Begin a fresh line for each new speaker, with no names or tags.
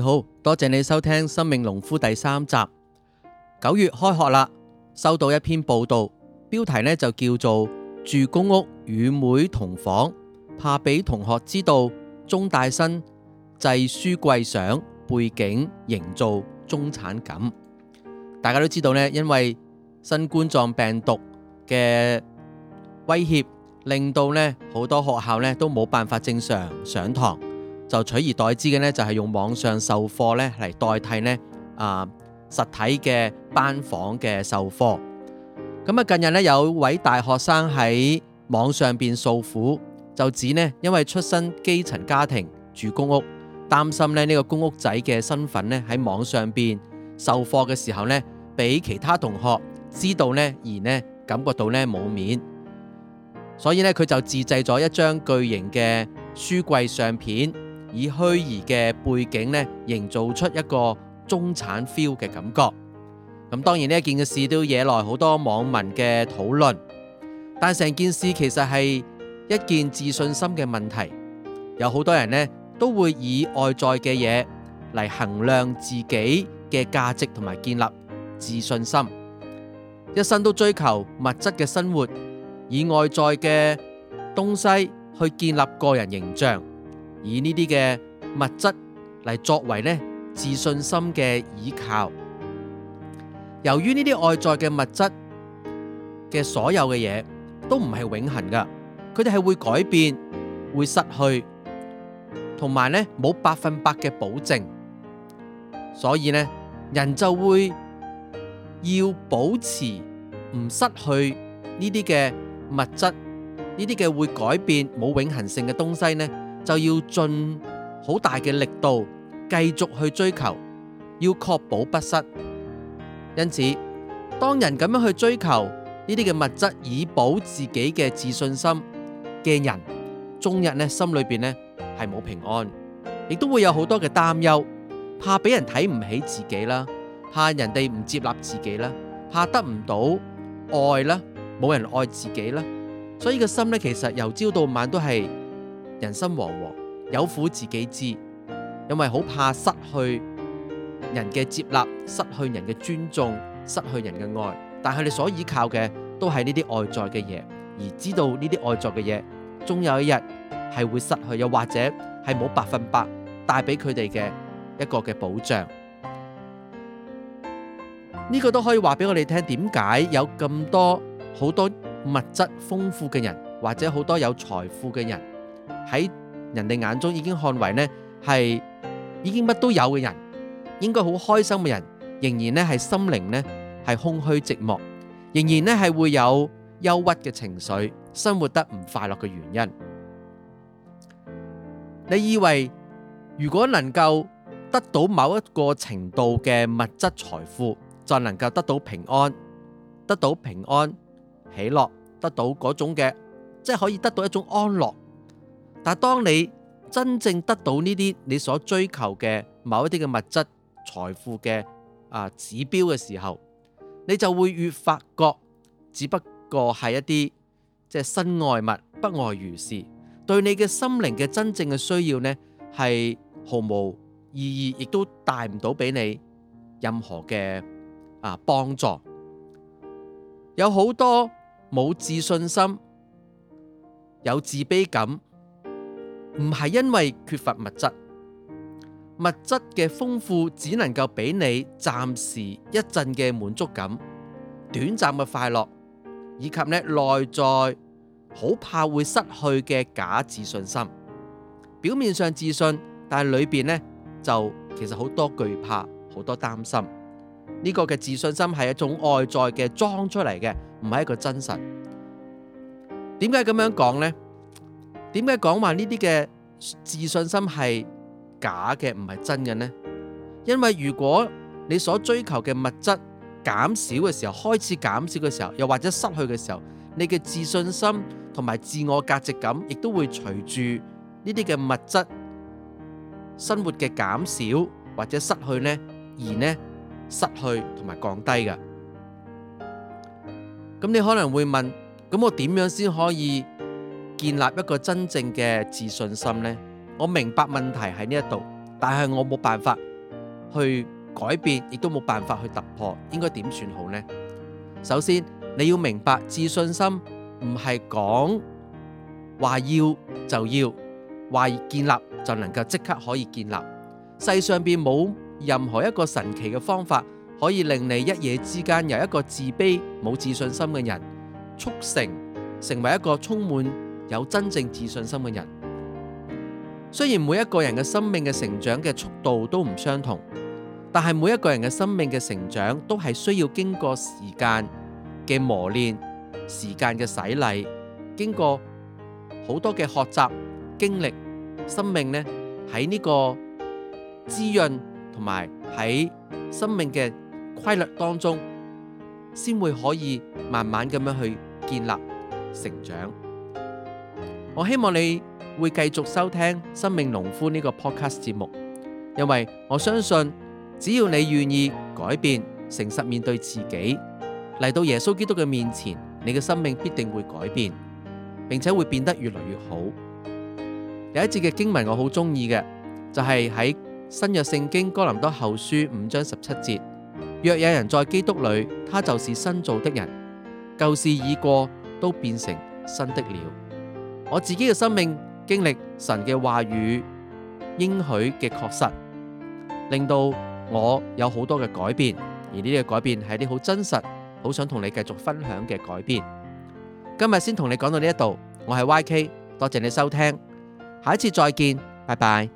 好多謝你收聽《生命農夫》第三集。九月開學啦，收到一篇報道，標題呢就叫做《住公屋與妹同房，怕俾同學知道，中大生製書櫃相，背景營造中產感》。大家都知道呢，因為新冠狀病毒嘅威脅，令到呢好多學校呢都冇辦法正常上堂。就取而代之嘅呢，就係用網上授課咧嚟代替呢啊實體嘅班房嘅授課。咁啊，近日呢，有位大學生喺網上邊訴苦，就指呢因為出身基層家庭住公屋，擔心咧呢個公屋仔嘅身份咧喺網上邊授課嘅時候呢，俾其他同學知道呢，而呢感覺到呢冇面，所以呢，佢就自製咗一張巨型嘅書櫃相片。以虛擬嘅背景呢營造出一個中產 feel 嘅感覺。咁當然呢件嘅事都惹來好多網民嘅討論。但成件事其實係一件自信心嘅問題。有好多人呢，都會以外在嘅嘢嚟衡量自己嘅價值同埋建立自信心。一生都追求物質嘅生活，以外在嘅東西去建立個人形象。以呢啲嘅物質嚟作為咧自信心嘅倚靠。由於呢啲外在嘅物質嘅所有嘅嘢都唔係永恒噶，佢哋係會改變、會失去，同埋咧冇百分百嘅保證，所以咧人就會要保持唔失去呢啲嘅物質，呢啲嘅會改變冇永恒性嘅東西咧。就要盡好大嘅力度繼續去追求，要確保不失。因此，當人咁樣去追求呢啲嘅物質，以保自己嘅自信心嘅人，終日呢心裏邊呢係冇平安，亦都會有好多嘅擔憂，怕俾人睇唔起自己啦，怕人哋唔接納自己啦，怕得唔到愛啦，冇人愛自己啦，所以個心呢，其實由朝到晚都係。人心惶惶，有苦自己知，因為好怕失去人嘅接納，失去人嘅尊重，失去人嘅愛。但係你所依靠嘅都係呢啲外在嘅嘢，而知道呢啲外在嘅嘢，終有一日係會失去，又或者係冇百分百帶俾佢哋嘅一個嘅保障。呢個都可以話俾我哋聽，點解有咁多好多物質豐富嘅人，或者好多有財富嘅人，喺人哋眼中已經看為呢係已經乜都有嘅人，應該好開心嘅人，仍然呢係心靈呢係空虛寂寞，仍然呢係會有憂鬱嘅情緒，生活得唔快樂嘅原因。你以為如果能夠得到某一個程度嘅物質財富，就能夠得到平安，得到平安，喜樂，得到嗰種嘅，即係可以得到一種安樂。但當你真正得到呢啲你所追求嘅某一啲嘅物質財富嘅啊指標嘅時候，你就會越發覺，只不過係一啲即係身外物，不外如是。對你嘅心靈嘅真正嘅需要呢，係毫無意義，亦都帶唔到俾你任何嘅啊幫助。有好多冇自信心，有自卑感。唔係因為缺乏物質，物質嘅豐富只能夠俾你暫時一陣嘅滿足感、短暫嘅快樂，以及呢內在好怕會失去嘅假自信心。表面上自信，但係裏邊呢就其實好多懼怕、好多擔心。呢個嘅自信心係一種外在嘅裝出嚟嘅，唔係一個真實。點解咁樣講呢？點解講話呢啲嘅自信心係假嘅，唔係真嘅呢？因為如果你所追求嘅物質減少嘅時候，開始減少嘅時候，又或者失去嘅時候，你嘅自信心同埋自我價值感，亦都會隨住呢啲嘅物質生活嘅減少或者失去呢，而呢失去同埋降低嘅。咁你可能會問，咁我點樣先可以？建立一個真正嘅自信心呢，我明白問題喺呢一度，但係我冇辦法去改變，亦都冇辦法去突破，應該點算好呢？首先你要明白，自信心唔係講話要就要話建立就能夠即刻可以建立。世上邊冇任何一個神奇嘅方法可以令你一夜之間由一個自卑冇自信心嘅人促成成為一個充滿。有真正自信心嘅人，雖然每一個人嘅生命嘅成長嘅速度都唔相同，但係每一個人嘅生命嘅成長都係需要經過時間嘅磨練、時間嘅洗禮，經過好多嘅學習經歷，生命呢喺呢個滋潤同埋喺生命嘅規律當中，先會可以慢慢咁樣去建立成長。我希望你會繼續收聽《生命農夫》呢、這個 podcast 節目，因為我相信，只要你願意改變、誠實面對自己，嚟到耶穌基督嘅面前，你嘅生命必定會改變，並且會變得越來越好。有一節嘅經文我好中意嘅，就係、是、喺新約聖經哥林多後書五章十七節：「若有人在基督裏，他就是新造的人，舊事已過，都變成新的了。我自己嘅生命經歷神嘅話語應許嘅確實，令到我有好多嘅改變，而呢啲改變係一啲好真實、好想同你繼續分享嘅改變。今日先同你講到呢度，我係 YK，多謝你收聽，下一次再見，拜拜。